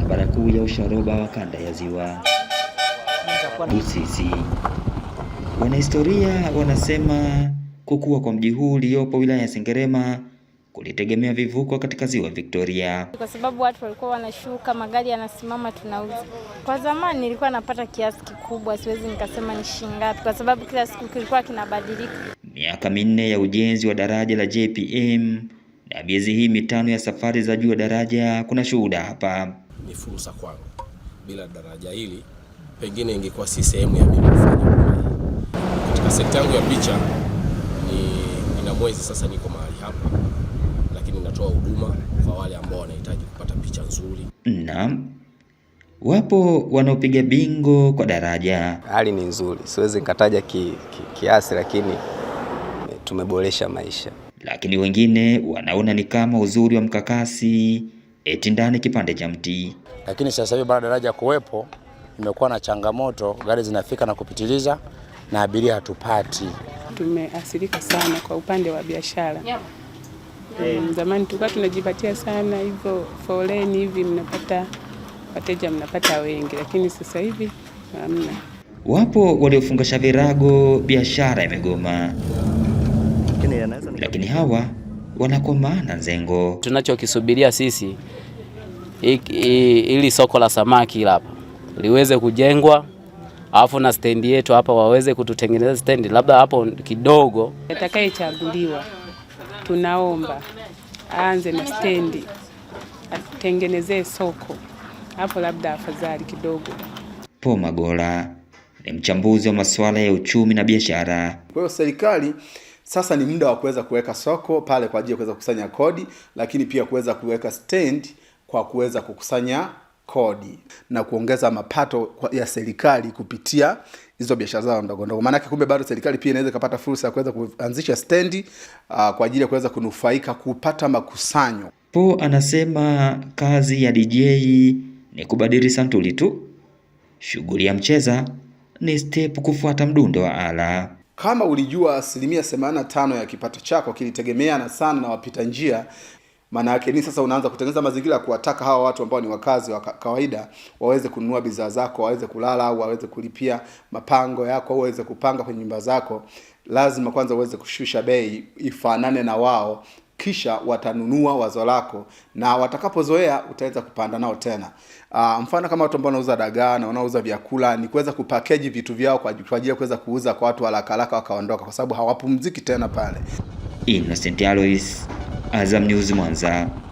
barabara kuu ya Usharoba wa kanda ya Ziwa Busisi. Wanahistoria wanasema kukua kwa mji huu uliopo wilaya ya Sengerema kulitegemea vivuko katika ziwa Victoria, kwa sababu watu walikuwa wanashuka, magari yanasimama, tunauza. Kwa zamani nilikuwa napata kiasi kikubwa, siwezi nikasema ni shilingi ngapi, kwa sababu kila siku kilikuwa kinabadilika. Miaka minne ya ujenzi wa daraja la JPM na miezi hii mitano ya safari za juu ya daraja kuna shuhuda hapa ni fursa kwangu. Bila daraja hili pengine ingekuwa si sehemu ya mimi kufanya. Katika sekta yangu ya picha ni nina mwezi sasa niko mahali hapa, lakini natoa huduma kwa wale ambao wanahitaji kupata picha nzuri. Naam, wapo wanaopiga bingo kwa daraja. Hali ni nzuri, siwezi nikataja ki, ki, kiasi, lakini tumeboresha maisha, lakini wengine wanaona ni kama uzuri wa mkakasi eti ndani kipande cha mti. Lakini sasa hivi bado daraja kuwepo, imekuwa na changamoto, gari zinafika na kupitiliza na abiria hatupati. Tumeathirika sana kwa upande wa biashara yeah. Mm, zamani tulikuwa tunajipatia sana hivyo foleni hivi, mnapata wateja mnapata wengi, lakini sasa hivi hamna. Wapo waliofungasha virago, biashara imegoma, lakini hawa wanakomana Nzengo. Tunachokisubiria sisi ili soko la samaki hapa liweze kujengwa, alafu na stendi yetu hapa waweze kututengeneza stendi, labda hapo kidogo. Atakayechaguliwa tunaomba aanze na stendi, atengenezee soko hapo, labda afadhali kidogo. Po Magola ni mchambuzi wa masuala ya uchumi na biashara. Kwa hiyo serikali sasa ni muda wa kuweza kuweka soko pale kwa ajili ya kuweza kukusanya kodi, lakini pia kuweza kuweka stand kwa kuweza kukusanya kodi na kuongeza mapato ya serikali kupitia hizo biashara zao ndogo ndogo. Maanake kumbe bado serikali pia inaweza ikapata fursa ya kuweza kuanzisha stendi uh, kwa ajili ya kuweza kunufaika kupata makusanyo. Po anasema kazi ya DJ ni kubadili santuli tu, shughuli ya mcheza ni step kufuata mdundo wa ala. Kama ulijua asilimia 85 ya kipato chako kilitegemeana sana na wapita njia, maana yake ni sasa unaanza kutengeneza mazingira ya kuwataka hawa watu ambao ni wakazi wa kawaida waweze kununua bidhaa zako, waweze kulala au waweze kulipia mapango yako, au waweze kupanga kwenye nyumba zako. Lazima kwanza uweze kushusha bei ifanane na wao, kisha watanunua wazo lako, na watakapozoea utaweza kupanda nao tena. Uh, mfano kama watu ambao wanauza dagaa na wanauza vyakula ni kuweza kupakeji vitu vyao kwa ajili ya kuweza kuuza kwa watu haraka haraka wakaondoka, kwa sababu hawapumziki tena pale. Innocent Alois, Azam News, Mwanza.